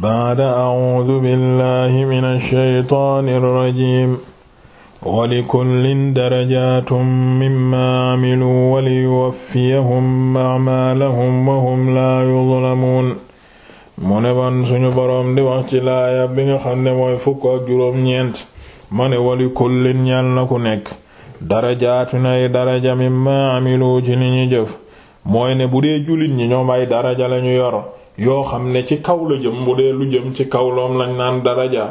baada acuudu billahi min alshaytaan alrajim walikullin darajaatum mimma camiluu waliyuwaffiyahum acmaalahum wahum laa yuzlamuun mu ne wan suñu boroom di wax bi nga xam ne mooy fukk ak juróom-ñeent ma ne walikullin ñal na ku nekk darajaatun ay daraja mimma camiluu ci li ñu jëf mooy ne bu dee jullit ñi ñoom ay daraja lañu yor yoo xam ne ci kaw la jëm bu dee lu jëm ci kaw loom lañ naan daraja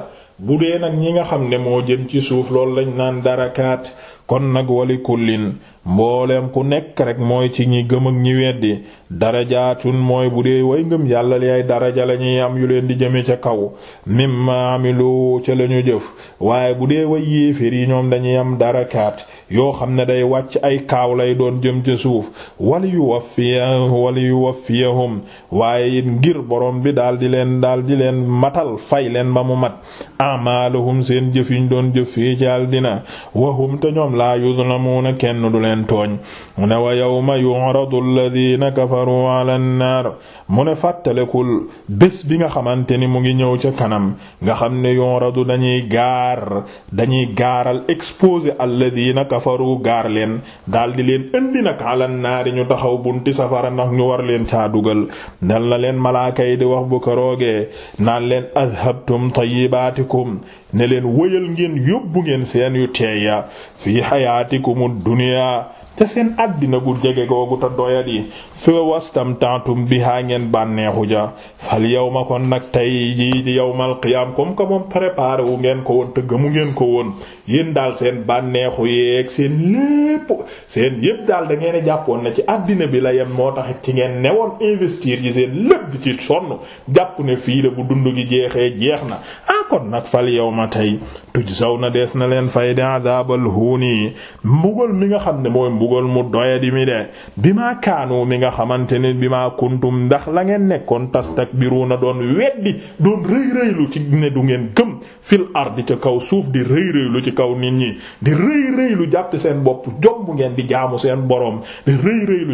bu dee nag ñi nga xam ne moo jëm ci suuf loolu lañ naan darakaat kon nag wali kullin mbooleem ku nekk rek mooy ci ñi gëm ak ñi weddi darajaatun mooy bu dee way ngëm yàlla li ay daraja la ñuy am yu leen di jëme ca kaw mimma amilu ca la ñu jëf waaye bu dee way yéeféer yi ñoom dañuy am darakaat yoo xam ne day wàcc ay kaaw lay doon jëm ca suuf wali yuwaffiya wali yuwaffiyahum waaye it ngir borom bi daal di leen daal di leen matal fay leen ba mu mat amaaluhum seen jëf yi ñu doon jëf fii ci àldina wahum te ñoom laa yuzlamuna kenn du leen leen tooñ mu ne wa yawma yu'radu alladhina kafaru 'ala an-nar mu ne fàttalekul bés bi nga xamante ni mu ngi ñëw ca kanam nga xam ne yu'radu dañuy gaar dañuy gaaral exposé alladhina kafaru gaar leen daldi leen indi nag 'ala naari ñu taxaw bunti safara ndax ñu war leen caa dugal dal na leen malaaka yi di wax bu ko roogee naan leen adhabtum tayyibatikum ne leen wëyal ngeen yóbbu ngeen seen yu teeya fii xayaatikumud dunya te seen àddina gu jege googu te doyadi fi wastamta'tum biha ngeen bànneexu ja fal ma kon nag tey yi di yawmal qiyaam comme que moom wu ngeen ko woon tëgg mu ngeen ko woon yéen daal seen bànneexu yeeg seen lépp seen yépp daal da jàppoon na ci àddina bi la yem moo taxit ci ngeen newoon investir yi seen lépp ci sonn jàpp ne fii la bu dund gi jeexee jeex na ah kon nag fal ma tey tujzawna dees na leen fay de adaabal huuni mbugal mbugal mu doyadi mi de bi maa kaanu mi nga xamante ne bi maa kuntum ndax la ngeen nekkoon tastakbiruna doon weddi doon rëy rëylu ci ne du ngeen gëm fil ardi ca kaw suuf di rëy ci kaw nit ñi di rëy rëylu jàpp seen bopp jomb ngeen di jaamu seen boroom di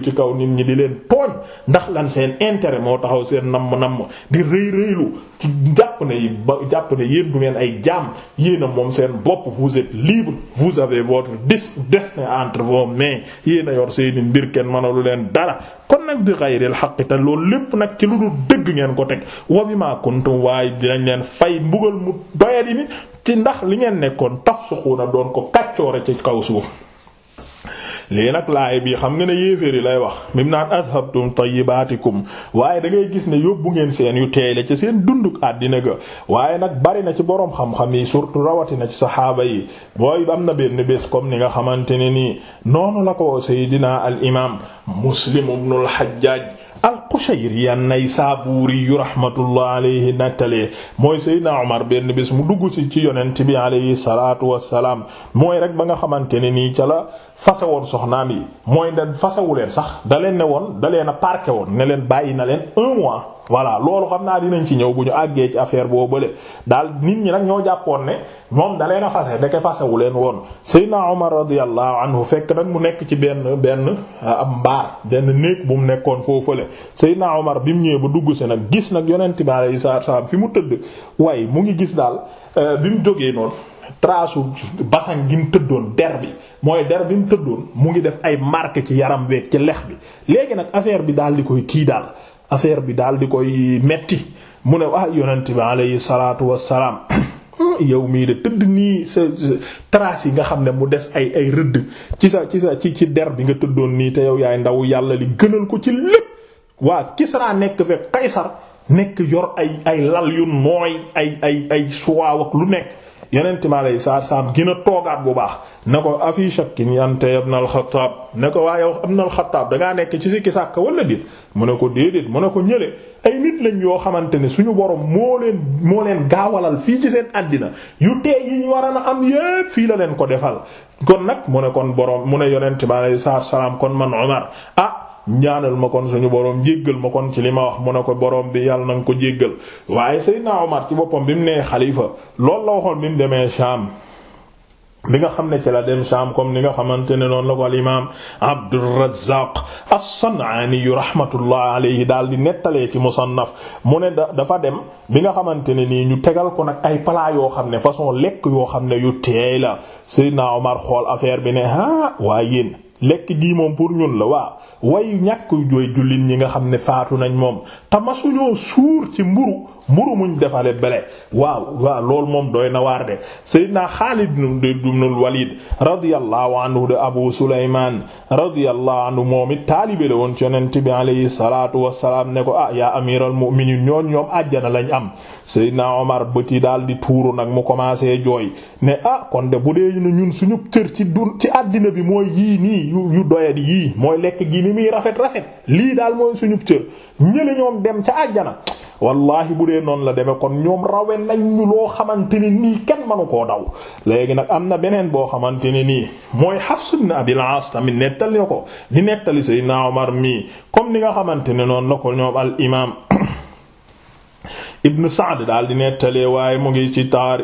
ci kaw nit ñi di leen tooñ ndax lan seen intérêt moo taxaw seen namm nam di rëy rëylu ci jàpp ne yi jàpp ne yéen du ngeen ay jaam yéen a moom seen bopp vous êtes libre vous avez votre destin entre vos mains ñee yéen a yor seeni mbir kenn mënalu leen dara kon nag bi xayril xaq te loolu lépp nag ci lu dul dëgg ngeen ko teg wa bima kuntum waaye dinañ leen fay mbugal mu doyadi ni ci ndax li ngeen nekkoon tafsuxuuna doon ko kàccoore ci kaw suuf lii nag laay bii xam nga ne yéeféer yi lay wax mim naan adhabtum tayyibatikum waaye da ngay gis ne yóbbu ngeen seen yu teele ca seen dunduk àddina ga waaye nag bari na ci boroom xam-xam yi surtout rawatina ci saxaaba yi mooy am na benn bés comme ni nga xamante ne nii noonu la ko seydina al imam muslim ibnul hajjaj al-Qushayri an-Naysaburi rahmatullah alayhi nattale mooy Seydina Omar benn bis mu dugg ci ci yonent bi alayhi salaatu wassalaam mooy rek ba nga xamante ne nii ca la fase woon sox soxnaan yi mooy da fasawu leen sax da leen ne woon da leen a parqué woon ne leen bàyyi na leen un mois voilà loolu xam naa dinañ ci ñëw bu ñu àggee ci affaire boo bële daal nit ñi nag ñoo jàppoon ne moom da leen a fase ndeke fasawu leen woon Seydina Omar radiyallahu anhu fekk nag mu nekk ci benn benn am mbaar benn néeg bu mu nekkoon foofale Seydina Omar bi mu ñëwee ba dugg si nag gis nag yonent bi alayhi salaam fi mu tëdd waaye mu ngi gis daal euh, bi mu jógee noonu trace su basan gi tëddoon der bi mooy der bi mu tëddoon mu ngi def ay marque ci yaram weeg ci lex bi léegi nag affaire bi daal di koy kii daal affaire bi daal di koy metti mu ne waa ah, yonent bi alayhi salaatu wassalaam yow mii de tëdd nii sa trace yi nga xam ne mu des ay ay rëdd ci sa ci sa ci ci der bi nga tëddoon nii te yow yaay ndaw yàlla li gënal ko ci lépp waa Kisra nekk fekk Kaysar nekk yor ay ay lal yu nooy ay ay ay suwaaw ak lu nekk yonent mi alayhi salaatu salaam gën a toogaat bu baax ne ko afi shakkin anta ya ibn al ne ko waaye yow ibn al-Xattaab dangaa nekk ci sikki sàkk wala déet mu ne ko déedéet mu ne ko ñële ay nit lañ yoo xamante ne suñu borom moo leen moo leen gaawalal fii ci seen àddina yu tee yi ñu war a am yépp fii la leen ko defal kon nag mu ne kon borom mu ne yonent mi alayhi salaatu salaam kon man Umar ah ñaanal ma kon suñu borom jéggal ma kon ci li ma wax mu ne ko boroom bi yàlla na nga ko jéggal waaye Seydina Omar ci boppam bi mu nee xalifa lool la waxoon bi mu demee Sham bi nga xam ne ci la dem Sham comme ni nga xamante ne noonu la ko al imaam Abdurrazzaq as-San'aani rahmatullah alayhi daal di nettalee ci musannaf mu ne da dafa dem bi nga xamante ne nii ñu tegal ko nag ay palaa yoo xam ne façon lekk yoo xam ne yu teey la Seydina Omar xool affaire bi ne ah waa yéen lekk gii moom pour ñun la waaw way ñàkk jooy jullit ñi nga xam ne faatu nañ moom te masuñoo suur ci mburu mburu muñ defale bele waaw waaw loolu moom doy na waar de Seydina Xaalid ibnul Walid radiyallahu anhu de Abu Sulaymaan radiyallahu anhu moom it taalibe la woon ci yonent bi alayhi salaatu wassalaam ne ko a ah, yaa amiral mu'miniin ñooñ ñoom àjjana lañ am Seydina Omar bëti daal di tuuru nag mu commencé jooy ne ah kon de bu dee ñun suñu cër ci dun ci àddina bi mooy yii nii yu yu doyadi yii mooy lekk gi ni muy rafet rafet lii daal mooy suñu cër ñële ñoom dem ca àjjana wallaahi bu dee noonu la demee kon ñoom rawe nañ ñu loo xamante ne nii kenn manu koo daw léegi nag am na beneen boo xamante ne nii mooy Hafs ibn Abil tamit nettali na ko di nettali Seydina Omar mii comme ni nga xamante ne noonu la ko ñoom al imaam. ibn Sa'd daal di nettalee waaye mu ngi ci taar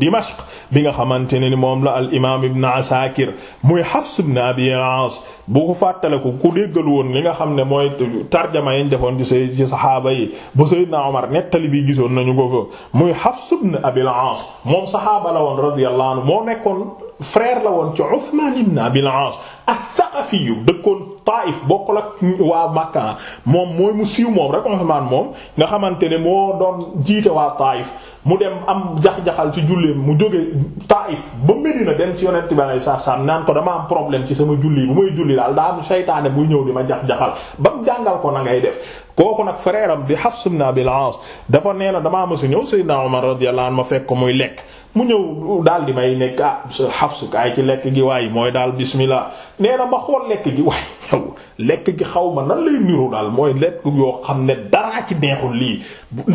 Dimashq bi nga xamante ne ni moom la al imaam ibn Asakir muy Hafs ibn Abi Aas bu ko fàttaliku ku déggal woon li nga xam ne mooy tarjama yi ñu defoon ci say saxaaba yi bu Seydina Omar nettali bi gisoon nañu ko fa muy Hafs ibn Abi Aas moom saxaaba la woon radiyallahu anhu moo nekkoon frère la ci Uthman ibn Abi Aas ak Thaqafi yu dëkkoon Taif bokkul ak waa Makka moom mooy mu siiw moom rek Usmaan moom nga xamante ne moo doon jiite waa Taif mu dem am jax-jaxal ci julleem mu jóge Taif ba Medina dem ci yonent bi alayhi salaam naan ko dama am problème ci sama julli bu may julli daal daa am seytaane buy ñëw di ma jax-jaxal ba mu jàngal ko na ngay def kooku nag frère am di Hafs ibn Abil Aas dafa nee na damaa mësu ñëw Seydina Umar radiyallahu anhu ma fekk ko muy lekk mu ñëw daal may nekk ah Hafs ci lekk gi waaye mooy daal bismillah nee na ma xool lekk gi waaye yow lekk gi xaw ma nan lay niru daal mooy lekk yoo xam ne daraa ci neexul lii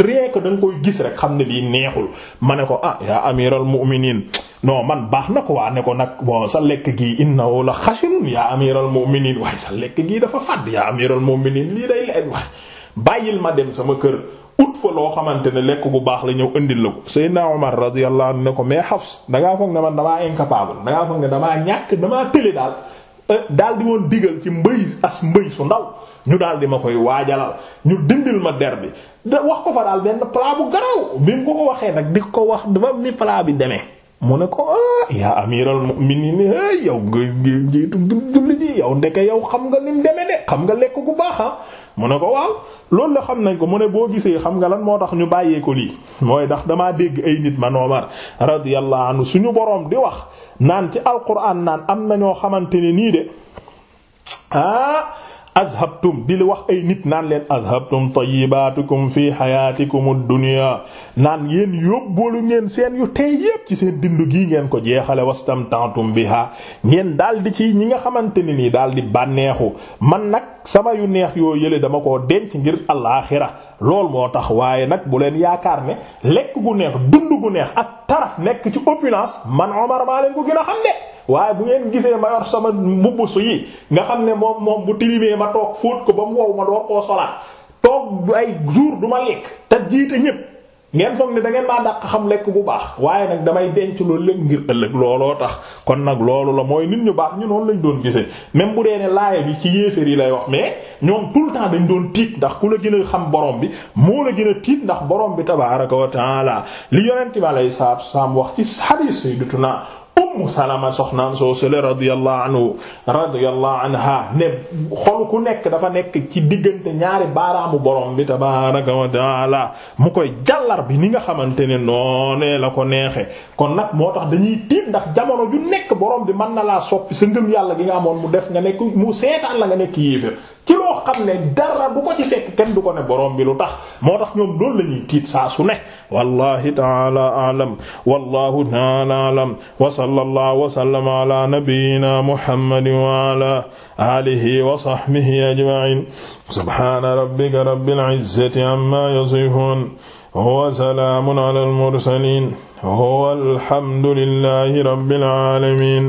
rien que da koy gis rek xam ne lii neexul ma ne ko ah yaa amiral mu'minin non man baax na ko waa ne ko nag bon sa lekk gi innahu la xasinun yaa amiral mu'minin waaye lekk gii dafa fàdd yaa amiral mu'minin lii day lekk waaye bàyyil ma dem sama kër ut fa loo xamante ne lekk bu baax la ñëw indil la ko Seydina Omar radiyallahu ne ko mais Hafs dangaa foog ne man damaa incapable dangaa foog ne damaa ñàkk damaa tële daal daal di woon digal ci mbëy as mbëy su ndaw ñu daal di ma koy waajalal ñu dindil ma der bi da wax ko fa daal benn plat bu garaw bi mu ko waxee nag di ko wax dafa ni plat bi demee mu ne ko ah yaa amiral mu'minin eh, yow nga njiitu julli ji yow ndeke yow xam nga ni mu de xam nga lekk gu baax ah. mu ne ko waaw loolu la xam nañ ko mu ne boo gisee xam nga lan moo tax ñu bàyyeeku lii mooy ndax damaa dégg ay nit man Omar radiyallahu anhu suñu boroom di wax naan ci alquran naan am na ñoo xamante ne nii de ah adhabtum di li wax ay nit naan leen adhabtum tayyibatukum fi hayatikum ad-dunya naan yéen yóbboolu ngeen seen yu tey yépp ci seen dindu gii ngeen ko jeexale wastamtantum biha ngeen daal di ci ñi nga xamante ne nii daal di bànneexu man nag sama yu neex yoo yële dama koo denc ngir alaaxira lool moo tax waaye nag bu leen yaakaar ne lekk gu neex dund gu neex ak taraf nekk ci opulence man Omar maa leen ko gën a xam de waaye bu ngeen gisee ma yor sama mbubb su nga xam ne moom moom bu tilimee ma toog fóot ko ba mu wow ma door koo solaat toog ay jour du ma lekk te jiite ñépp ngeen foog ne da ngeen maa dàq xam lekk bu baax waaye nag damay denc loolu lépp ngir ëllëg looloo tax kon nag loolu la mooy nit ñu baax ñu noonu lañ doon gisee même bu dee ne laaya bi ci yéeféer yi lay wax mais ñoom tout le temps dañ doon tiit ndax ku la gën a xam borom bi moo la gën a tiit ndax borom bi tabaaraka wa taala li yonent bi alayhi salaatu wa salaam wax ci hadiis sayyidatuna ummu salama soxnaan soo sële radiyallahu anhu radiyallahu anha ne xol ku nekk dafa nekk ci diggante ñaari baaraamu borom bi tabaaraka wa taala mu koy jàllar bi ni nga xamante ne noonee la ko neexee kon nag moo tax dañuy tiit ndax jamono ju nekk borom bi mën na laa soppi sa ngëm yàlla gi nga amoon mu def nga nekk mu seetaan la nga nekk yéeféer loo xam ne dara bu ko ci fekk kenn du ko ne borom bi lu tax moo tax ñoom loolu la ñuy tiit saa su ne wallahi ta'ala a'lam wallahu ta'ala a'lam wa sallallahu wa sallama ala nabiyyina muhammadin wa ala alihi wa sahbihi ajma'in subhana rabbika rabbil izzati amma yasifun wa salamun ala al mursalin wa alhamdulillahi rabbil alamin